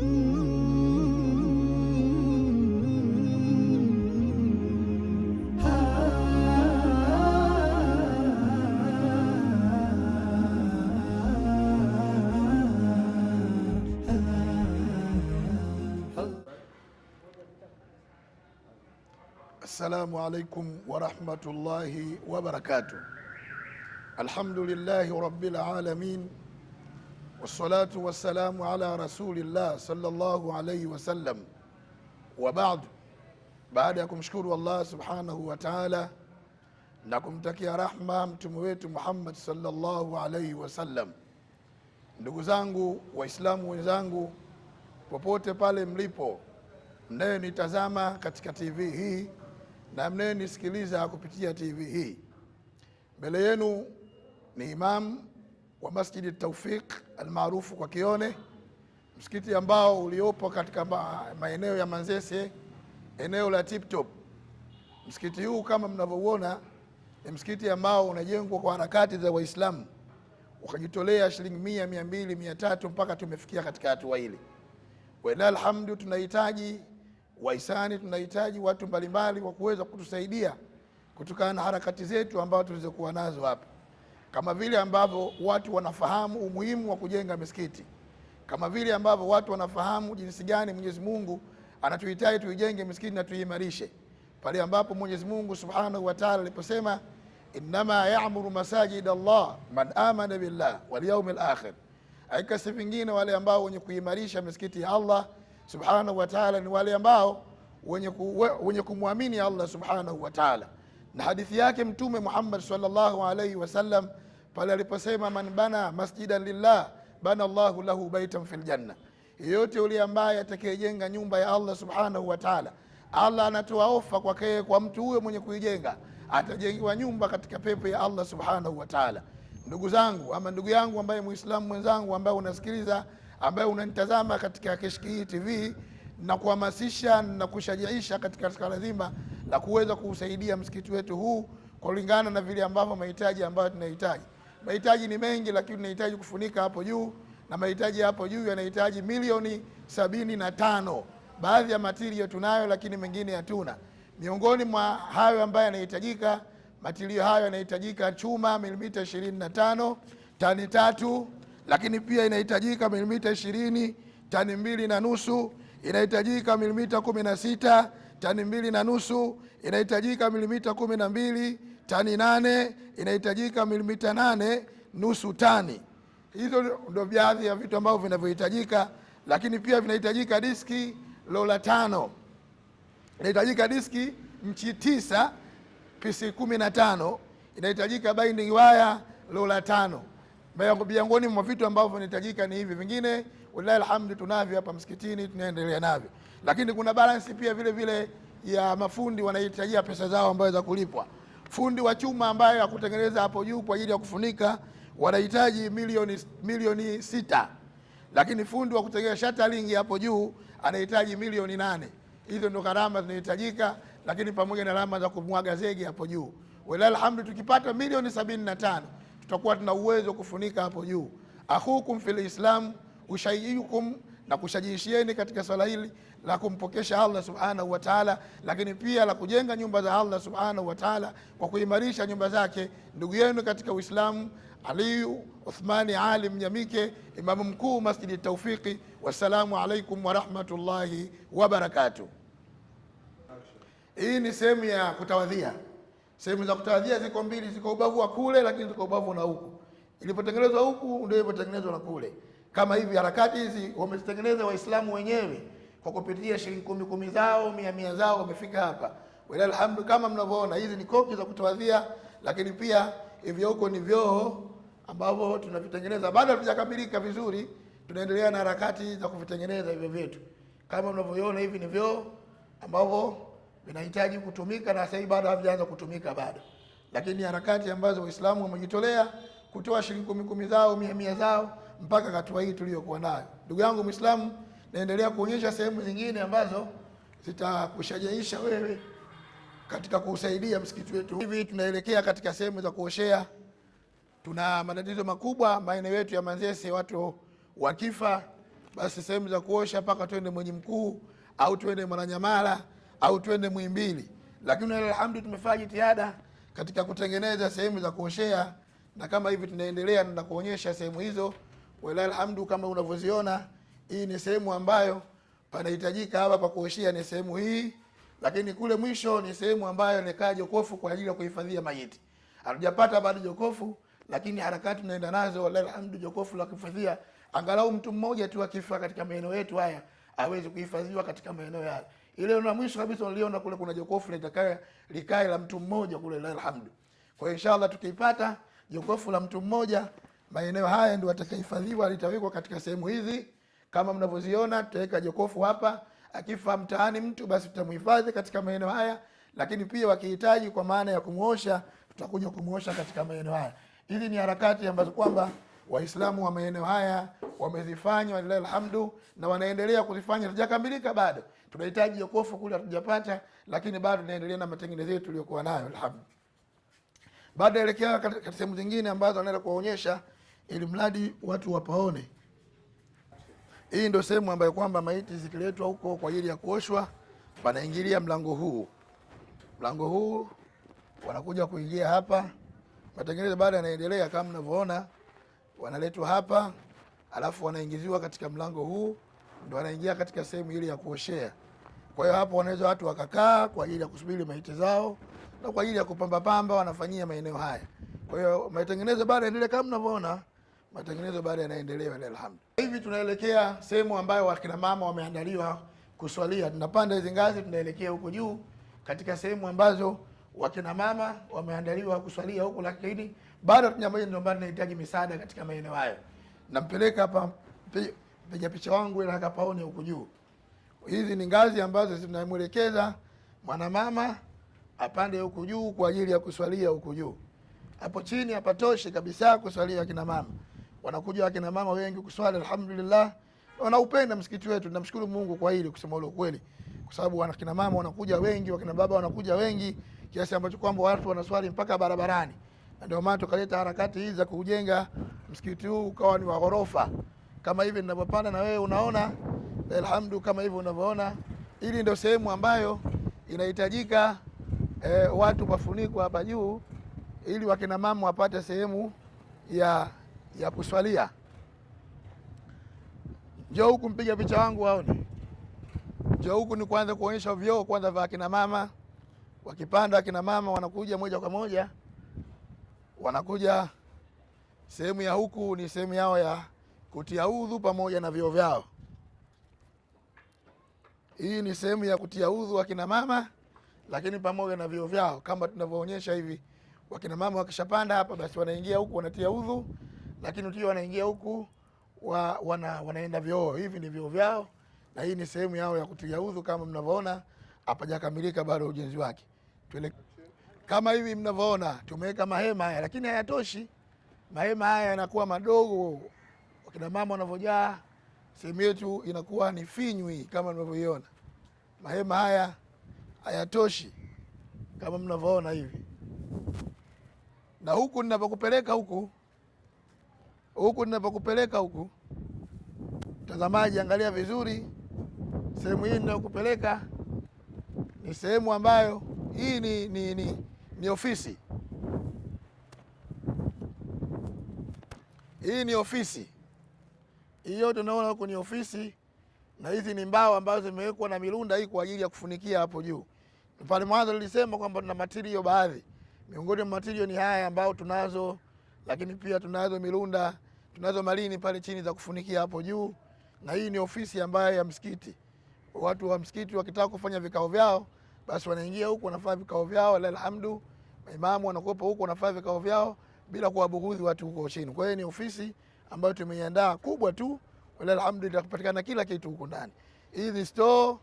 السلام عليكم ورحمة الله وبركاته الحمد لله رب العالمين wassalatu wassalamu ala rasulillah sallallahu alaihi wasallam wa Baada ya kumshukuru Allah subhanahu wa taala na kumtakia rahma mtume wetu Muhammad sallallahu alaihi wasallam, ndugu zangu Waislamu wenzangu popote pale mlipo, mnayenitazama katika TV hii na mnayenisikiliza kupitia TV hii, mbele yenu ni imamu wa Masjidi Taufiq almaarufu kwa Kione, msikiti ambao uliopo katika maeneo ya Manzese, eneo la Tiptop. Msikiti huu kama mnavyouona ni msikiti ambao unajengwa kwa harakati za Waislamu, ukajitolea shilingi mia, mia mbili, mia tatu mpaka tumefikia katika hatua hili. Walillahi alhamdu, tunahitaji waisani, tunahitaji watu mbalimbali wa kuweza kutusaidia kutokana na harakati zetu ambazo tulizokuwa nazo hapa kama vile ambavyo watu wanafahamu umuhimu wa kujenga misikiti, kama vile ambavyo watu wanafahamu jinsi gani Mwenyezi Mungu anatuhitaji tuijenge misikiti na tuimarishe pale ambapo Mwenyezi Mungu Subhanahu wa Ta'ala aliposema innama ya'muru masajid Allah man amana billah wal yawmil akhir, aika si vingine wale ambao wenye kuimarisha misikiti ya Allah Subhanahu wa Ta'ala ni wale ambao wenye kumwamini Allah Subhanahu wa Ta'ala na hadithi yake Mtume Muhammad sallallahu alaihi wasallam pale aliposema, man bana masjidan lillah bana llahu lahu baitan fi ljanna yeyote yule ambaye atakayejenga nyumba ya Allah subhanahu wa ta'ala, Allah anatoa ofa kwakee kwa mtu huyo mwenye kuijenga atajengiwa nyumba katika pepo ya Allah subhanahu wa ta'ala. Ndugu zangu ama ndugu yangu ambaye muislamu mwenzangu ambaye unasikiliza ambaye unanitazama katika Kishki TV na kuhamasisha na kushajiisha katika suala zima la kuweza kuusaidia msikiti wetu huu kulingana na vile ambavyo mahitaji ambayo tunahitaji. Mahitaji ni mengi, lakini tunahitaji kufunika hapo juu, na mahitaji hapo juu yanahitaji milioni sabini na tano. Baadhi ya matirio tunayo, lakini mengine hatuna. Miongoni mwa hayo ambayo yanahitajika, matirio hayo yanahitajika chuma milimita ishirini na tano tani tatu, lakini pia inahitajika milimita ishirini tani mbili na nusu inahitajika milimita kumi na sita tani mbili na nusu, inahitajika milimita kumi na mbili tani nane, inahitajika milimita nane nusu tani. Hizo ndo baadhi ya vitu ambavyo vinavyohitajika, lakini pia vinahitajika diski lola tano, inahitajika diski nchi tisa pisi kumi na tano, inahitajika binding waya lola tano. Miongoni mwa vitu ambavyo vinahitajika ni hivi, vingine wallahi alhamdu tunavyo hapa msikitini tunaendelea navyo, lakini kuna balance pia vile vile ya mafundi wanahitajia pesa zao ambazo za kulipwa. Fundi wa chuma ambaye ya kutengeneza hapo juu kwa ajili ya kufunika wanahitaji milioni milioni sita, lakini fundi wa kutengeneza shattering hapo juu anahitaji milioni nane. Hizo ndo gharama zinahitajika, lakini pamoja na gharama za kumwaga zege hapo juu. Wallahi alhamdu tukipata milioni sabini na tano tutakuwa tuna uwezo kufunika hapo juu. Akhukum fil Islam ushajiukum na kushajiishieni katika swala hili la kumpokesha Allah subhanahu wa taala, lakini pia la kujenga nyumba za Allah subhanahu wa taala kwa kuimarisha nyumba zake. Ndugu yenu katika Uislamu Aliyu Uthmani Ali Mnyamike, imamu mkuu Masjidi Taufiki. Wassalamu alaikum warahmatullahi wabarakatuh. Hii ni sehemu ya kutawadhia. Sehemu za kutawadhia ziko mbili, ziko ubavu wa kule, lakini ziko ubavu na huku. Ilipotengenezwa huku ndio ilipotengenezwa na kule. Kama hivi harakati hizi wamezitengeneza Waislamu wenyewe kwa kupitia shilingi kumi kumi zao mia mia zao, wamefika hapa wala alhamdu. Kama mnavyoona hizi ni koki za kutawadhia, lakini pia hivyo huko ni vyoo ambavyo tunavitengeneza bado hatujakamilika vizuri, tunaendelea na harakati za kuvitengeneza hivyo vyetu. Kama mnavyoona hivi ni vyoo ambavyo vinahitaji kutumika na sasa bado havijaanza kutumika bado, lakini harakati ambazo Waislamu wamejitolea kutoa shilingi kumi kumi zao mia mia zao mpaka hatua hii tuliyokuwa nayo. Ndugu yangu Muislamu, naendelea kuonyesha sehemu nyingine ambazo zitakushajaisha wewe katika kusaidia msikiti wetu. Hivi tunaelekea katika sehemu za kuoshea. Tuna matatizo makubwa maeneo yetu ya Manzese, watu wakifa, basi sehemu za kuosha mpaka twende Mwenye Mkuu au twende Mwananyamala au twende Mwimbili, lakini alhamdu tumefanya jitihada katika kutengeneza sehemu za kuoshea, na kama hivi tunaendelea na kuonyesha sehemu hizo walhamdu Kama unavyoziona, hii ni sehemu ambayo panahitajika hapa pa kuoshia ni sehemu hii, lakini kule mwisho ni sehemu ambayo nikaa jokofu kwa ajili ya kuhifadhia maiti. Hatujapata bado jokofu, lakini harakati tunaenda nazo, walhamdu jokofu la kuhifadhia angalau mtu mmoja tu akifa katika maeneo yetu haya awezi kuhifadhiwa katika maeneo yale. Ile na mwisho kabisa uliona kule kuna jokofu litakaa likae la mtu mmoja kule, alhamdu. Kwa inshallah, tukipata jokofu la mtu mmoja maeneo haya ndio atakahifadhiwa, litawekwa katika sehemu hizi kama mnavyoziona. Tutaweka jokofu hapa, akifa mtaani mtu basi tutamhifadhi katika maeneo haya, lakini pia wakihitaji kwa maana ya kumwosha, tutakuja kumwosha katika maeneo haya. Hizi ni harakati ambazo kwamba Waislamu wa maeneo haya wamezifanya walilahi alhamdu, na wanaendelea kuzifanya. Hatujakamilika bado, tunahitaji jokofu kule hatujapata, lakini bado tunaendelea na matengenezo yetu tuliyokuwa nayo alhamdu. Baada elekea katika sehemu zingine ambazo anaenda kuwaonyesha ili mradi watu wapaone. Hii ndio sehemu ambayo kwamba maiti zikiletwa huko kwa ajili ya kuoshwa, wanaingilia mlango huu. Mlango huu wanakuja kuingia hapa. Matengenezo bado yanaendelea kama mnavyoona, wanaletwa hapa, alafu wanaingiziwa katika mlango huu, ndio wanaingia katika sehemu ile ya kuoshea. Kwa hiyo hapo wanaweza watu wakakaa kwa ajili ya kusubiri maiti zao na kwa ajili ya kupambapamba wanafanyia maeneo haya. Kwa hiyo matengenezo bado yanaendelea kama mnavyoona matengenezo bado yanaendelea alhamdulillah. Hivi tunaelekea sehemu ambayo wakina mama wameandaliwa kuswalia, tunapanda hizi ngazi, tunaelekea huko juu katika sehemu ambazo wakina mama wameandaliwa kuswalia huko, lakini bado tunyamaje, ndio bado nahitaji misaada katika maeneo hayo. Nampeleka hapa mpiga picha wangu ila akapaone huko juu. Hizi ni ngazi ambazo zinamwelekeza mwanamama apande huko juu kwa ajili ya kuswalia huko juu. Hapo chini hapatoshi kabisa kuswalia kina mama wanakuja wakina mama wengi kuswali, alhamdulillah wanaupenda msikiti wetu. Namshukuru Mungu kwa hili, kusema ule ukweli, kwa sababu wakina mama wanakuja wengi, wakina baba wanakuja wengi, kiasi ambacho kwamba watu wanaswali mpaka barabarani. Ndio maana tukaleta harakati hizi za kujenga msikiti huu ukawa ni wa ghorofa kama hivi ninavyopanda na wewe unaona, alhamdu kama hivi unavyoona. ili ndio sehemu ambayo inahitajika eh, watu wafunikwa hapa juu ili wakina mama wapate sehemu ya ya kuswalia. Njoo huku mpiga picha wangu waone. Njoo huku ni kwanza kuonyesha vyoo kwanza vya akina mama. Wakipanda akina mama wanakuja moja kwa moja, wanakuja sehemu ya huku ni sehemu yao ya kutia udhu pamoja na vyoo vyao. Hii ni sehemu ya kutia udhu wakina mama, lakini pamoja na vyoo vyao kama tunavyoonyesha hivi. Wakina mama wakishapanda hapa, basi wanaingia huku wanatia udhu lakini ukija wanaingia huku wa, wana, wanaenda vyoo. Hivi ni vyoo vyao na hii ni sehemu yao ya kupiga udhu. Kama mnavyoona hapajakamilika bado ujenzi wake. Tuele... kama hivi mnavyoona tumeweka mahema haya, lakini hayatoshi. Mahema haya yanakuwa madogo, wakina mama wanavyojaa, sehemu yetu inakuwa ni finywi kama mnavyoiona. Mahema haya hayatoshi kama mnavyoona hivi, na huku ninapokupeleka huku huku ninapokupeleka huku, mtazamaji, angalia vizuri sehemu hii ninayokupeleka ni sehemu ambayo hii ni, ni, ni, ni ofisi. Hii ni ofisi, hii yote unaona huku ni ofisi, na hizi ni mbao ambazo zimewekwa na mirunda hii kwa ajili ya kufunikia hapo juu. Pale mwanzo nilisema kwamba tuna matirio baadhi, miongoni mwa matirio ni haya ambayo tunazo lakini pia tunazo milunda, tunazo malini pale chini za kufunikia hapo juu, na hii ni ofisi ambayo ya msikiti. Watu wa msikiti wakitaka kufanya vikao vyao, basi wanaingia huku wanafanya vikao vyao, alhamdu maimamu wanakuwepo huku wanafanya vikao vyao bila kuwabughudhi watu huko chini. Kwa hiyo ni ofisi ambayo tumeiandaa kubwa tu, alhamdu itakupatikana kila kitu huko ndani. Hii ni store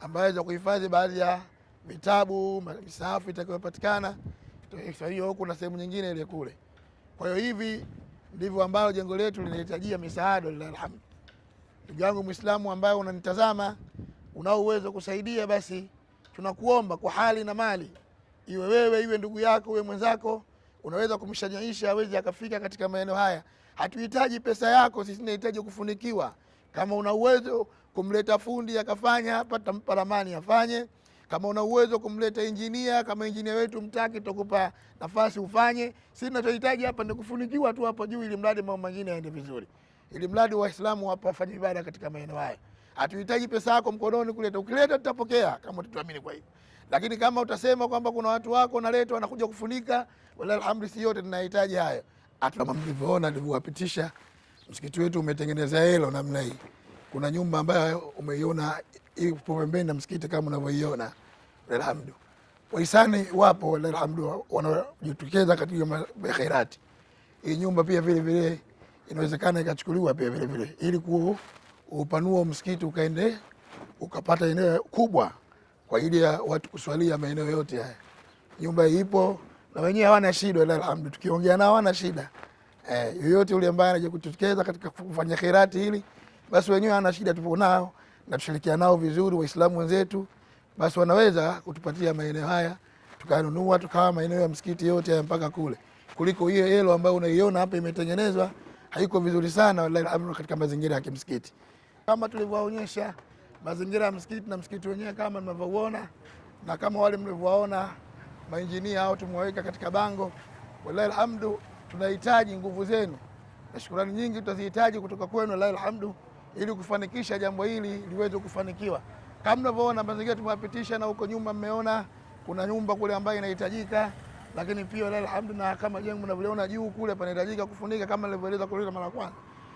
ambayo za kuhifadhi baadhi ya vitabu, misafu itakayopatikana. Kwa hiyo huku na sehemu nyingine ile kule kwa hiyo hivi ndivyo ambavyo jengo letu linahitajia misaada, lillahi Ndugu yangu Mwislamu ambayo unanitazama, unao uwezo kusaidia, basi tunakuomba kwa hali na mali, iwe wewe, iwe ndugu yako, iwe mwenzako, unaweza kumshanyaisha aweze akafika katika maeneo haya. Hatuhitaji pesa yako sisi, tunahitaji kufunikiwa. Kama una uwezo kumleta fundi akafanya hapa, tampa ramani afanye kama una uwezo kumleta injinia, kama injinia wetu mtaki, tutakupa nafasi ufanye. Sisi tunachohitaji hapa ni kufunikiwa tu hapo juu, ili mradi mambo mengine yaende vizuri, ili mradi Waislamu hapa wafanye ibada katika maeneo haya. Hatuhitaji pesa yako mkononi kuleta, ukileta tutapokea kama utatuamini. Kwa hiyo lakini kama utasema kwamba kuna watu wako naleta wanakuja kufunika, wala alhamdu, si yote tunahitaji hayo. Hata kama mlivyoona nilivyowapitisha, msikiti wetu umetengeneza hilo namna hii kuna nyumba ambayo umeiona ipo pembeni na msikiti kama unavyoiona, alhamdu waisani wapo alhamdu, wanajitokeza katika makhairati. Hii nyumba pia vile vile inawezekana ikachukuliwa pia vile vile, ili kuupanua msikiti ukaende ukapata eneo kubwa kwa ajili ya watu kuswalia maeneo yote haya. Nyumba ipo na wenyewe hawana shida, alhamdu, tukiongea nao hawana shida eh, yoyote ule ambaye anajitokeza katika kufanya khairati hili basi wenyewe hana shida, tupo nao na tushirikiana nao vizuri, Waislamu wenzetu, basi wanaweza kutupatia maeneo haya tukanunua, tukawa maeneo ya msikiti yote haya mpaka kule, kuliko hiyo elo ambayo unaiona hapa imetengenezwa haiko vizuri sana, katika mazingira ya kimsikiti kama tulivyoonyesha mazingira ya msikiti na msikiti wenyewe kama mnavyouona na kama wale mlivyowaona mainjinia au tumewaweka katika bango. Wallahi alhamdu, tunahitaji nguvu zenu na shukrani nyingi tutazihitaji kutoka kwenu. Wallahi alhamdu ili kufanikisha jambo hili liweze kufanikiwa. Kama mnavyoona mazingira tumewapitisha, na huko nyuma mmeona kuna nyumba kule ambayo inahitajika, lakini pia la alhamdulillah, kama jengo mnavyoona juu kule panahitajika kufunika kama nilivyoeleza kule mara kwanza.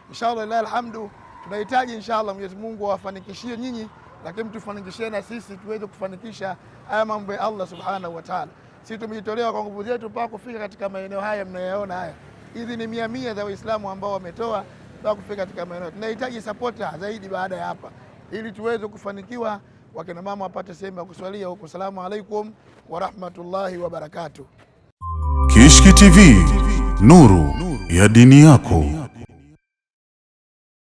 Inshallah la alhamdu, tunahitaji inshallah Mwenyezi Mungu awafanikishie nyinyi, lakini mtufanikishie na sisi tuweze kufanikisha haya mambo ya Allah subhanahu wa ta'ala. Sisi tumejitolea kwa nguvu zetu mpaka kufika katika maeneo haya mnayoona haya. Hizi ni mia mia za Waislamu ambao wametoa mpaka kufika katika maeneo. Tunahitaji sapota zaidi baada ya hapa, ili tuweze kufanikiwa, wakina mama wapate sehemu ya kuswalia huko. Salamu alaikum warahmatullahi wabarakatuh. Kishki TV, nuru ya dini yako.